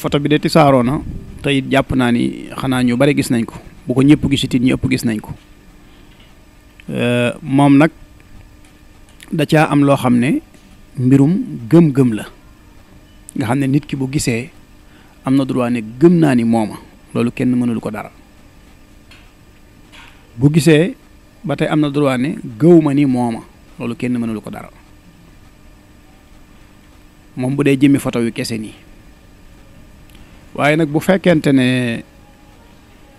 foto bi de tisaaroo na te jàpp naa ni xanaa ñu bari gis nañ ko bu ko ñëpp gis it ñu ëpp gis nañ ko euh, moom nag da ca am loo xam ne mbirum gëm-gëm la nga xam ne nit ki bu gisee am na droit gëm naa ni mooma loolu kenn mënul ko dara bu gisee ba am na droit ne gëw kenn mënul ko dara moom bu dee jëmmi photo yu kese nii waaye nag bu fekkente ne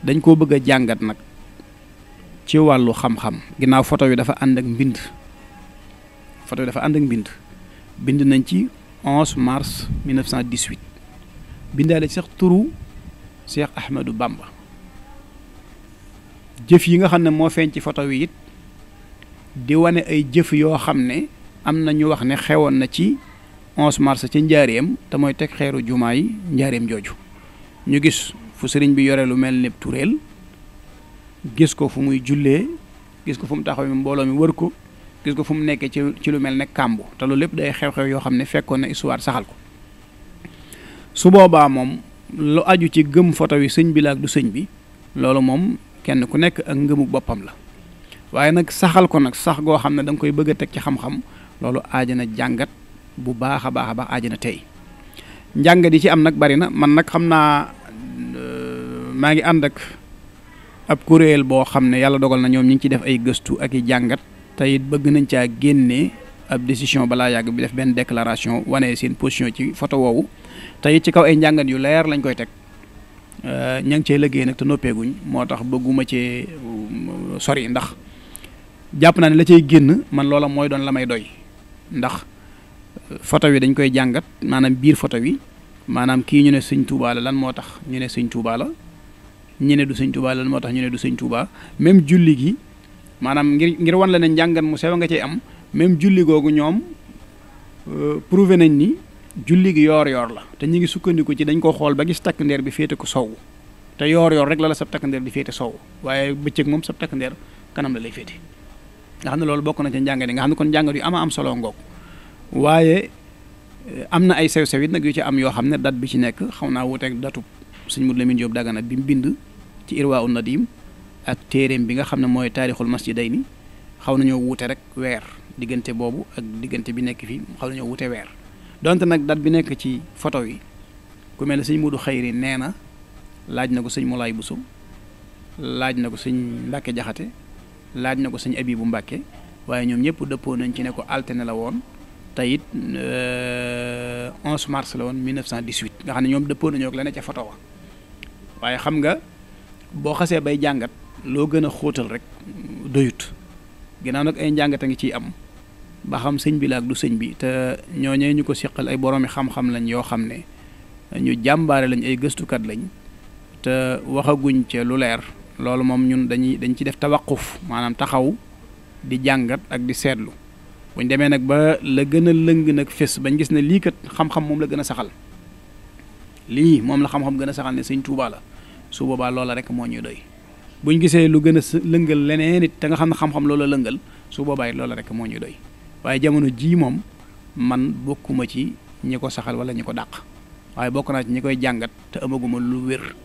dañ koo bëgg a jàngat nag ci wàllu xam-xam ginnaaw photo yi dafa ànd ak mbind photo dafa ànd mbind bind nañ ci 11 mars 1918 bindaale sax turu Cheikh Ahmadou Bamba jëf yi nga xam ne moo feeñ ci photo yi it di wane ay jëf yoo xam ne am na ñu wax ne xewoon na ci 11 mars ci njaareem te mooy teg xeeru jumaa yi njaareem jooju ñu gis fu sëriñ bi yore lu mel ne tureel gis ko fu muy jullee gis ko fu mu taxaw mbooloo mi wër ko gis ko fu mu nekkee ci ci lu mel ne kàmbu te loolu lépp day xew-xew yoo xam ne fekkoon na histoire saxal ko su boobaa moom lu aju ci gëm photo yi sëñ bi la ak du sëñ bi loolu moom kenn ku nekk ak ngëmu boppam la waaye nag saxal ko nag sax goo xam ne da koy bëgg a teg ci xam-xam loolu aajana jàngat bu baax a baax a baax tey. njàngat di ci am nag bari na man nag xam naa euh, maa ngi ànd ak ab kuréel boo xam ne yàlla dogal na ñoom ñu ngi ci def ay gëstu ak i jàngat te it bëgg nañ caa génne ab décision balaa yàgg bi def benn déclaration wane seen postion ci photo woowu te ci kaw ay njàngat yu leer lañ koy teg euh, ña ngi cee liggéey nag te noppeeguñ moo tax bëgguma cee euh, sori ndax jàpp naa ne la cay génn man loola mooy doon la may doy ndax foto wi dañ koy jàngat maanaam biir photo wi maanaam kii ñu ne sëñ Touba lan moo tax ñu ne sëñ Touba la ñu ne du sëñ Touba lan moo tax ñu ne du sëñ Touba même julli gi maanaam ngir ngir wan la ne njàngat mu sew nga cay am même julli googu ñoom euh, prouvé nañ ni julli gi yoor-yoor la te ñu ngi sukkandiku ci dañ ko xool ba gis takk ndeer bi féete ko sow te yoor-yoor rek la la sab takk ndeer di féete sow waaye bëccëg moom sab takk ndeer kanam la lay féete nga xam ne loolu bokk na ca njàngat yi nga xam ne kon njàngat yu ama am solo ngoog waaye eh, am na ay sew-sew it nag yu ci am yoo xam ne date bi ci nekk xaw naa wuteeg datub sëñ Modou Lamine Diop Dagana bi mu bind ci Irwaa na Nadim ak téeréem bi nga xam ne mooy taarixul masjidayni xaw nañoo wuute rek weer diggante boobu ak diggante bi nekk fii xaw nañoo wuute weer donte nag date bi nekk ci photo yi ku mel ne sëñ Modou Xayri nee na laaj na ko sëñ bu Bousso laaj na ko sëñ Mbacke Jaxate laaj na ko sëñ bu Mbacke waaye ñoom ñëpp dëppoo nañ ci ne ko altine la woon te it 11 euh, mars la woon 1918 nga xam ne ñoom dëppoo nañoo ak la ne ca photo wa waaye xam nga boo xasee bay jàngat loo gën a xóotal rek doyut ginnaaw nag ay njàngat a ngi ciy am ba xam sëñ bi la ak du sëñ bi te ñooñee ñu ko seqal ay boroomi xam-xam lañ yoo xam ne ñu jàmbaare lañ ay gëstukat lañ te waxaguñ ca lu leer loolu moom ñun dañuy dañ ci def tawaquf maanaam taxaw di jàngat ak di seetlu. buñ demee nag ba la gën a lëng nag fés bañ gis ne lii kat xam-xam moom la gën a saxal lii moom la xam-xam gën a saxal ne sëñ Tuubaa su boobaa loola rek moo ñuy doy buñ gisee lu gën a lëngal leneen it te nga xam ne xam-xam loola lëngal su boobaa it loola rek moo ñuy doy waaye jamono jii moom man bokkuma ci ñi ko saxal wala ñi ko dàq waaye bokk naa ci ñi koy jàngat te amaguma lu wér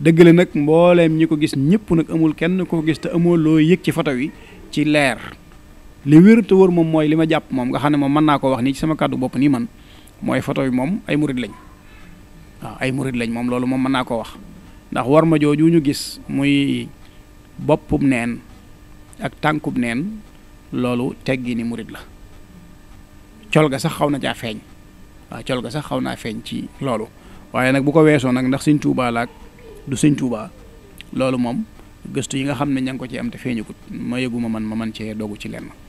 dëgg la nag mbooleem ñi ko gis ñëpp nag amul kenn koo gis te amoo loo yëg ci foto wi ci leer li wér te wër moom mooy li ma jàpp moom nga xam ne moom mën naa koo wax nii ci sama kàddu bopp nii man mooy photo bi moom ay murid lañ waaw ay murid lañ moom loolu moom mën naa ko wax ndax war ma jooju ñu gis muy boppub neen ak tànkub neen loolu teggi ni murid la col ga sax xaw na caa feeñ waaw sax xaw naa feeñ ci loolu waaye nag bu ko weesoo nag ndax sëñ Tuubaa laak du sëñ Tuubaa loolu moom gëstu yi nga xam ne ña ngi ko ci am te feeñagut ma yëguma man ma man cee dogu ci lenn